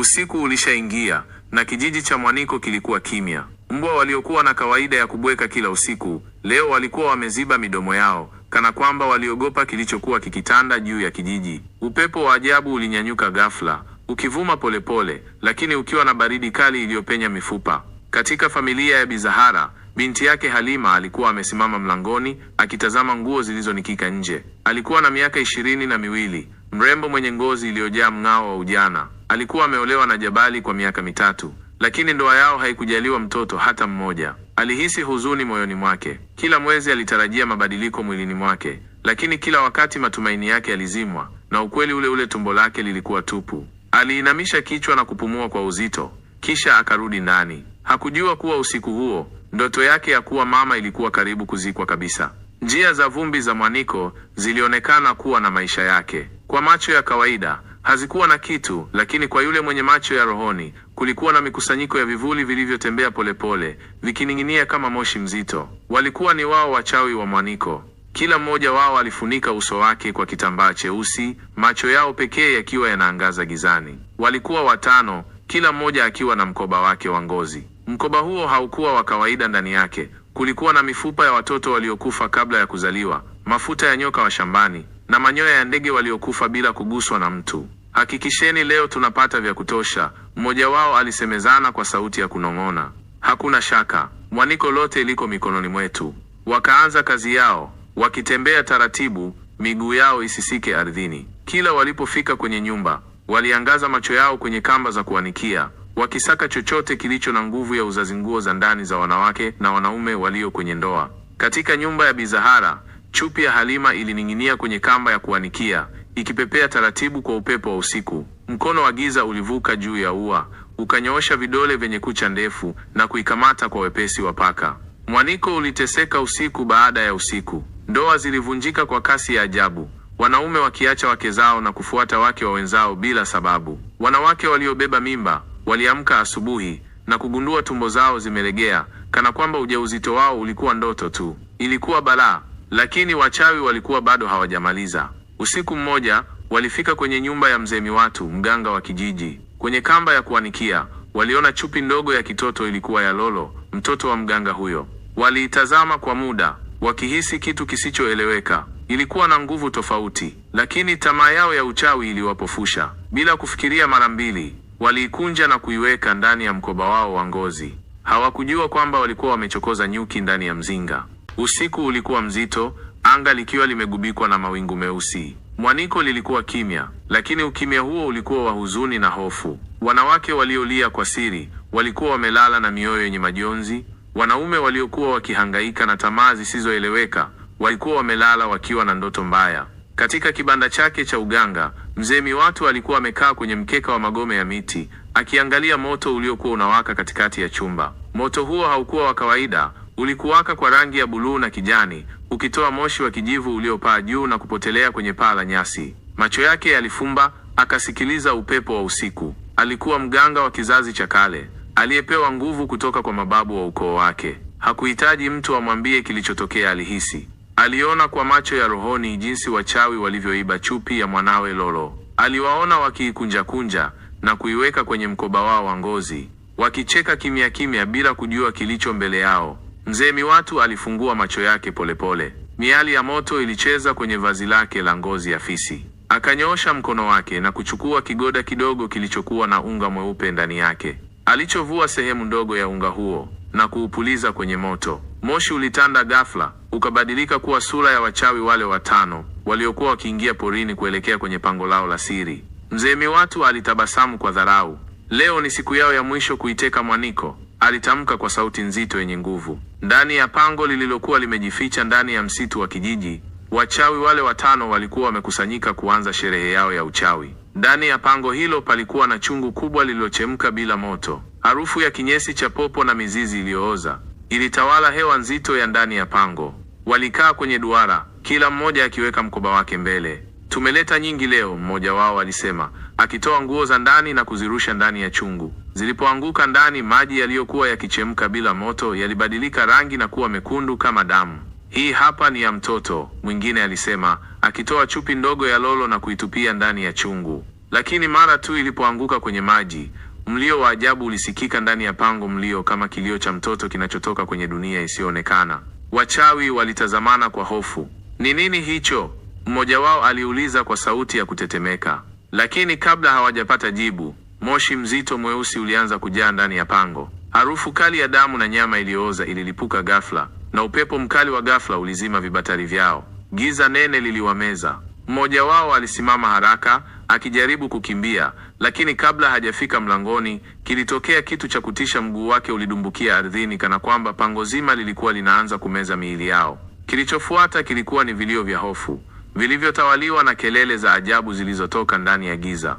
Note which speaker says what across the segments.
Speaker 1: Usiku ulishaingia na kijiji cha Mwaniko kilikuwa kimya. Mbwa waliokuwa na kawaida ya kubweka kila usiku, leo walikuwa wameziba midomo yao kana kwamba waliogopa kilichokuwa kikitanda juu ya kijiji. Upepo wa ajabu ulinyanyuka ghafla, ukivuma polepole pole, lakini ukiwa na baridi kali iliyopenya mifupa. Katika familia ya Bizahara, binti yake Halima alikuwa amesimama mlangoni akitazama nguo zilizonikika nje. Alikuwa na miaka ishirini na miwili, mrembo mwenye ngozi iliyojaa mng'ao wa ujana. Alikuwa ameolewa na Jabali kwa miaka mitatu, lakini ndoa yao haikujaliwa mtoto hata mmoja. Alihisi huzuni moyoni mwake. Kila mwezi alitarajia mabadiliko mwilini mwake, lakini kila wakati matumaini yake yalizimwa na ukweli ule ule, tumbo lake lilikuwa tupu. Aliinamisha kichwa na kupumua kwa uzito, kisha akarudi ndani. Hakujua kuwa usiku huo ndoto yake ya kuwa mama ilikuwa karibu kuzikwa kabisa. Njia za vumbi za mwaniko zilionekana kuwa na maisha yake kwa macho ya kawaida. Hazikuwa na kitu, lakini kwa yule mwenye macho ya rohoni kulikuwa na mikusanyiko ya vivuli vilivyotembea polepole vikining'inia kama moshi mzito. Walikuwa ni wao wachawi wa mwaniko. Kila mmoja wao alifunika uso wake kwa kitambaa cheusi, macho yao pekee yakiwa yanaangaza gizani. Walikuwa watano, kila mmoja akiwa na mkoba wake wa ngozi. Mkoba huo haukuwa wa kawaida. Ndani yake kulikuwa na mifupa ya watoto waliokufa kabla ya kuzaliwa, mafuta ya nyoka wa shambani na manyoya ya ndege waliokufa bila kuguswa na mtu. Hakikisheni leo tunapata vya kutosha, mmoja wao alisemezana kwa sauti ya kunong'ona. Hakuna shaka, mwaniko lote liko mikononi mwetu. Wakaanza kazi yao, wakitembea taratibu, miguu yao isisike ardhini. Kila walipofika kwenye nyumba, waliangaza macho yao kwenye kamba za kuanikia, wakisaka chochote kilicho na nguvu ya uzazi, nguo za ndani za wanawake na wanaume walio kwenye ndoa. Katika nyumba ya Bizahara, chupi ya Halima ilining'inia kwenye kamba ya kuanikia ikipepea taratibu kwa upepo wa usiku. Mkono wa giza ulivuka juu ya ua, ukanyoosha vidole vyenye kucha ndefu na kuikamata kwa wepesi wa paka. Mwaniko uliteseka usiku baada ya usiku. Ndoa zilivunjika kwa kasi ya ajabu, wanaume wakiacha wake zao na kufuata wake wa wenzao bila sababu. Wanawake waliobeba mimba waliamka asubuhi na kugundua tumbo zao zimelegea, kana kwamba ujauzito wao ulikuwa ndoto tu. Ilikuwa balaa, lakini wachawi walikuwa bado hawajamaliza. Usiku mmoja walifika kwenye nyumba ya mzee Miwatu, mganga wa kijiji. Kwenye kamba ya kuanikia waliona chupi ndogo ya kitoto. Ilikuwa ya Lolo, mtoto wa mganga huyo. Waliitazama kwa muda wakihisi kitu kisichoeleweka. Ilikuwa na nguvu tofauti, lakini tamaa yao ya uchawi iliwapofusha. Bila kufikiria mara mbili, waliikunja na kuiweka ndani ya mkoba wao wa ngozi. Hawakujua kwamba walikuwa wamechokoza nyuki ndani ya mzinga. Usiku ulikuwa mzito, anga likiwa limegubikwa na mawingu meusi. Mwaniko lilikuwa kimya, lakini ukimya huo ulikuwa wa huzuni na hofu. Wanawake waliolia kwa siri walikuwa wamelala na mioyo yenye majonzi. Wanaume waliokuwa wakihangaika na tamaa zisizoeleweka walikuwa wamelala wakiwa na ndoto mbaya. Katika kibanda chake cha uganga, mzee Miwatu alikuwa amekaa kwenye mkeka wa magome ya miti akiangalia moto uliokuwa unawaka katikati ya chumba. Moto huo haukuwa wa kawaida, ulikuwaka kwa rangi ya buluu na kijani, ukitoa moshi wa kijivu uliopaa juu na kupotelea kwenye paa la nyasi. Macho yake yalifumba, akasikiliza upepo wa usiku. Alikuwa mganga wa kizazi cha kale aliyepewa nguvu kutoka kwa mababu wa ukoo wake. Hakuhitaji mtu amwambie kilichotokea, alihisi. Aliona kwa macho ya rohoni jinsi wachawi walivyoiba chupi ya mwanawe Lolo. Aliwaona wakiikunjakunja na kuiweka kwenye mkoba wao wa ngozi, wakicheka kimya kimya bila kujua kilicho mbele yao. Mzee Miwatu alifungua macho yake polepole. Miali ya moto ilicheza kwenye vazi lake la ngozi ya fisi. Akanyoosha mkono wake na kuchukua kigoda kidogo kilichokuwa na unga mweupe ndani yake. Alichovua sehemu ndogo ya unga huo na kuupuliza kwenye moto. Moshi ulitanda ghafla, ukabadilika kuwa sura ya wachawi wale watano waliokuwa wakiingia porini kuelekea kwenye pango lao la siri. Mzee Miwatu alitabasamu kwa dharau. Leo ni siku yao ya mwisho kuiteka Mwaniko alitamka kwa sauti nzito yenye nguvu. Ndani ya pango lililokuwa limejificha ndani ya msitu wa kijiji, wachawi wale watano walikuwa wamekusanyika kuanza sherehe yao ya uchawi. Ndani ya pango hilo palikuwa na chungu kubwa lililochemka bila moto. Harufu ya kinyesi cha popo na mizizi iliyooza ilitawala hewa nzito ya ndani ya pango. Walikaa kwenye duara, kila mmoja akiweka mkoba wake mbele. Tumeleta nyingi leo, mmoja wao alisema, akitoa nguo za ndani na kuzirusha ndani ya chungu. Zilipoanguka ndani, maji yaliyokuwa yakichemka bila moto yalibadilika rangi na kuwa mekundu kama damu. Hii hapa ni ya mtoto, mwingine alisema, akitoa chupi ndogo ya lolo na kuitupia ndani ya chungu. Lakini mara tu ilipoanguka kwenye maji, mlio wa ajabu ulisikika ndani ya pango, mlio kama kilio cha mtoto kinachotoka kwenye dunia isiyoonekana. Wachawi walitazamana kwa hofu. Ni nini hicho? Mmoja wao aliuliza kwa sauti ya kutetemeka, lakini kabla hawajapata jibu Moshi mzito mweusi ulianza kujaa ndani ya pango. Harufu kali ya damu na nyama iliyooza ililipuka ghafla, na upepo mkali wa ghafla ulizima vibatari vyao. Giza nene liliwameza. Mmoja wao alisimama haraka akijaribu kukimbia, lakini kabla hajafika mlangoni, kilitokea kitu cha kutisha. Mguu wake ulidumbukia ardhini, kana kwamba pango zima lilikuwa linaanza kumeza miili yao. Kilichofuata kilikuwa ni vilio vya hofu vilivyotawaliwa na kelele za ajabu zilizotoka ndani ya giza.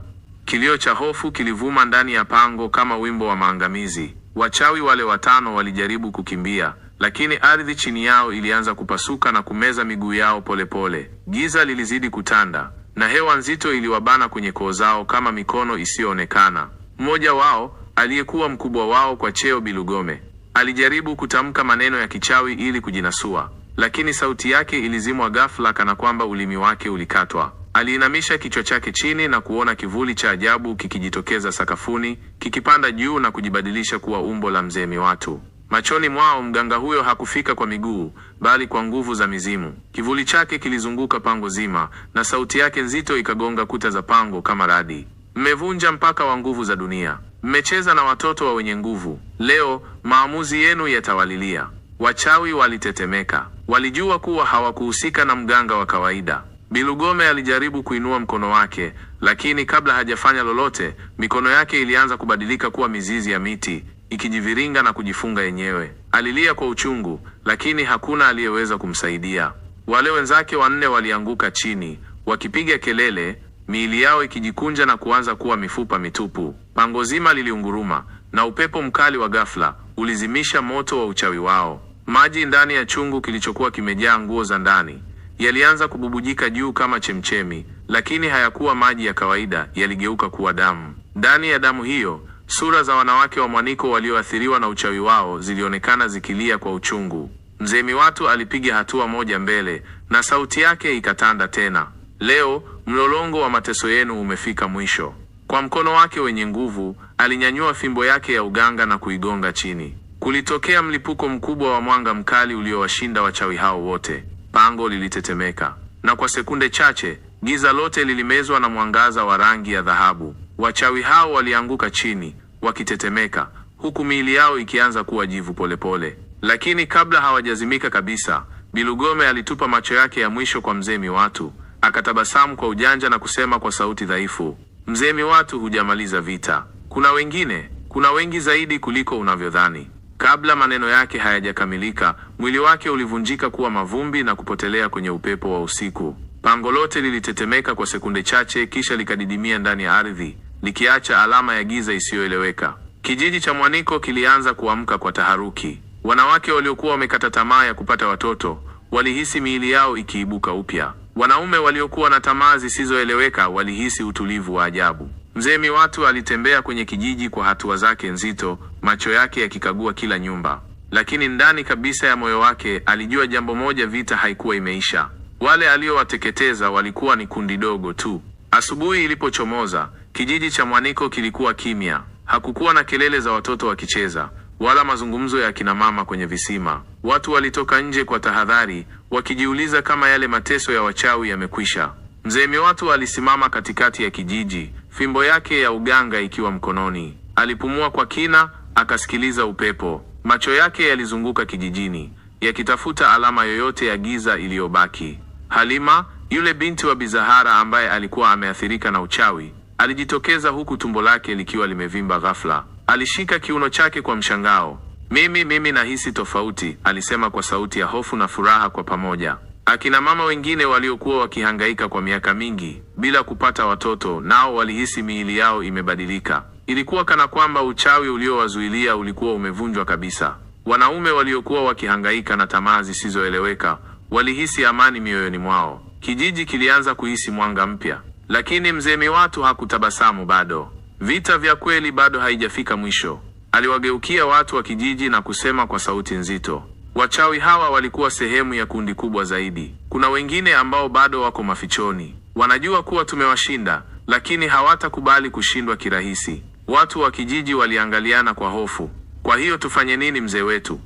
Speaker 1: Kilio cha hofu kilivuma ndani ya pango kama wimbo wa maangamizi. Wachawi wale watano walijaribu kukimbia, lakini ardhi chini yao ilianza kupasuka na kumeza miguu yao polepole pole. Giza lilizidi kutanda na hewa nzito iliwabana kwenye koo zao kama mikono isiyoonekana. Mmoja wao aliyekuwa mkubwa wao kwa cheo, Bilugome, alijaribu kutamka maneno ya kichawi ili kujinasua, lakini sauti yake ilizimwa ghafla, kana kwamba ulimi wake ulikatwa. Aliinamisha kichwa chake chini na kuona kivuli cha ajabu kikijitokeza sakafuni, kikipanda juu na kujibadilisha kuwa umbo la mzee Miwatu. Machoni mwao mganga huyo hakufika kwa miguu, bali kwa nguvu za mizimu. Kivuli chake kilizunguka pango zima, na sauti yake nzito ikagonga kuta za pango kama radi. Mmevunja mpaka wa nguvu za dunia, mmecheza na watoto wa wenye nguvu. Leo maamuzi yenu yatawalilia. Wachawi walitetemeka, walijua kuwa hawakuhusika na mganga wa kawaida. Bilugome alijaribu kuinua mkono wake, lakini kabla hajafanya lolote, mikono yake ilianza kubadilika kuwa mizizi ya miti ikijiviringa na kujifunga yenyewe. Alilia kwa uchungu, lakini hakuna aliyeweza kumsaidia. Wale wenzake wanne walianguka chini wakipiga kelele, miili yao ikijikunja na kuanza kuwa mifupa mitupu. Pango zima liliunguruma na upepo mkali wa ghafla ulizimisha moto wa uchawi wao. Maji ndani ya chungu kilichokuwa kimejaa nguo za ndani yalianza kububujika juu kama chemchemi, lakini hayakuwa maji ya kawaida, yaligeuka kuwa damu. Ndani ya damu hiyo, sura za wanawake wa Mwaniko walioathiriwa na uchawi wao zilionekana zikilia kwa uchungu. Mzee Miwatu alipiga hatua moja mbele na sauti yake ikatanda tena. Leo mlolongo wa mateso yenu umefika mwisho. Kwa mkono wake wenye nguvu alinyanyua fimbo yake ya uganga na kuigonga chini. Kulitokea mlipuko mkubwa wa mwanga mkali uliowashinda wachawi hao wote. Pango lilitetemeka na kwa sekunde chache giza lote lilimezwa na mwangaza wa rangi ya dhahabu. Wachawi hao walianguka chini wakitetemeka, huku miili yao ikianza kuwa jivu polepole. Lakini kabla hawajazimika kabisa, Bilugome alitupa macho yake ya mwisho kwa mzee Miwatu, akatabasamu kwa ujanja na kusema kwa sauti dhaifu, mzee Miwatu, hujamaliza vita. Kuna wengine, kuna wengi zaidi kuliko unavyodhani. Kabla maneno yake hayajakamilika, mwili wake ulivunjika kuwa mavumbi na kupotelea kwenye upepo wa usiku. Pango lote lilitetemeka kwa sekunde chache, kisha likadidimia ndani ya ardhi, likiacha alama ya giza isiyoeleweka. Kijiji cha Mwaniko kilianza kuamka kwa taharuki. Wanawake waliokuwa wamekata tamaa ya kupata watoto walihisi miili yao ikiibuka upya. Wanaume waliokuwa na tamaa zisizoeleweka walihisi utulivu wa ajabu. Mzee Miwatu alitembea kwenye kijiji kwa hatua zake nzito, macho yake yakikagua kila nyumba, lakini ndani kabisa ya moyo wake alijua jambo moja: vita haikuwa imeisha. Wale aliowateketeza walikuwa ni kundi dogo tu. Asubuhi ilipochomoza, kijiji cha Mwaniko kilikuwa kimya. Hakukuwa na kelele za watoto wakicheza wala mazungumzo ya kina mama kwenye visima. Watu walitoka nje kwa tahadhari, wakijiuliza kama yale mateso ya wachawi yamekwisha. Mzee Miwatu alisimama katikati ya kijiji, fimbo yake ya uganga ikiwa mkononi. Alipumua kwa kina, akasikiliza upepo. Macho yake yalizunguka kijijini, yakitafuta alama yoyote ya giza iliyobaki. Halima, yule binti wa Bizahara ambaye alikuwa ameathirika na uchawi, alijitokeza huku tumbo lake likiwa limevimba ghafla. Alishika kiuno chake kwa mshangao. Mimi mimi nahisi tofauti, alisema kwa sauti ya hofu na furaha kwa pamoja. Akina mama wengine waliokuwa wakihangaika kwa miaka mingi bila kupata watoto, nao walihisi miili yao imebadilika. Ilikuwa kana kwamba uchawi uliowazuilia ulikuwa umevunjwa kabisa. Wanaume waliokuwa wakihangaika na tamaa zisizoeleweka walihisi amani mioyoni mwao. Kijiji kilianza kuhisi mwanga mpya, lakini mzee Miwatu hakutabasamu bado. Vita vya kweli bado haijafika mwisho. Aliwageukia watu wa kijiji na kusema kwa sauti nzito, Wachawi hawa walikuwa sehemu ya kundi kubwa zaidi. Kuna wengine ambao bado wako mafichoni, wanajua kuwa tumewashinda, lakini hawatakubali kushindwa kirahisi. Watu wa kijiji waliangaliana kwa hofu. Kwa hiyo tufanye nini mzee wetu?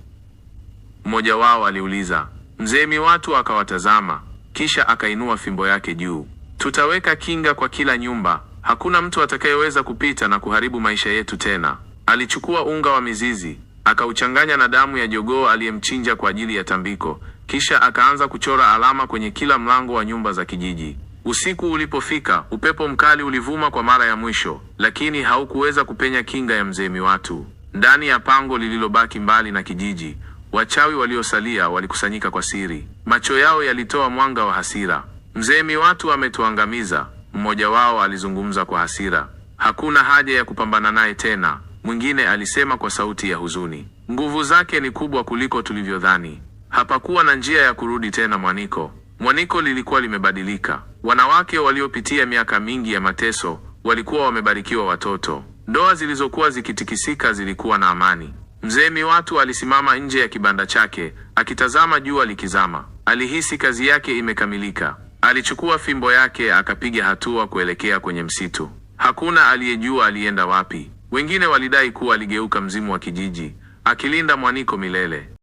Speaker 1: Mmoja wao aliuliza. Mzee Miwatu akawatazama, kisha akainua fimbo yake juu. Tutaweka kinga kwa kila nyumba, hakuna mtu atakayeweza kupita na kuharibu maisha yetu tena. Alichukua unga wa mizizi Akauchanganya na damu ya jogoo aliyemchinja kwa ajili ya tambiko, kisha akaanza kuchora alama kwenye kila mlango wa nyumba za kijiji. Usiku ulipofika, upepo mkali ulivuma kwa mara ya mwisho, lakini haukuweza kupenya kinga ya mzee Miwatu. Ndani ya pango lililobaki mbali na kijiji, wachawi waliosalia walikusanyika kwa siri, macho yao yalitoa mwanga wa hasira. Mzee Miwatu ametuangamiza, mmoja wao alizungumza kwa hasira. Hakuna haja ya kupambana naye tena mwingine alisema kwa sauti ya huzuni. Nguvu zake ni kubwa kuliko tulivyodhani. Hapakuwa na njia ya kurudi tena Mwaniko. Mwaniko lilikuwa limebadilika. Wanawake waliopitia miaka mingi ya mateso walikuwa wamebarikiwa watoto. Ndoa zilizokuwa zikitikisika zilikuwa na amani. Mzee Miwatu alisimama nje ya kibanda chake akitazama jua likizama. Alihisi kazi yake imekamilika. Alichukua fimbo yake akapiga hatua kuelekea kwenye msitu. Hakuna aliyejua alienda wapi. Wengine walidai kuwa aligeuka mzimu wa kijiji, akilinda Mwaniko milele.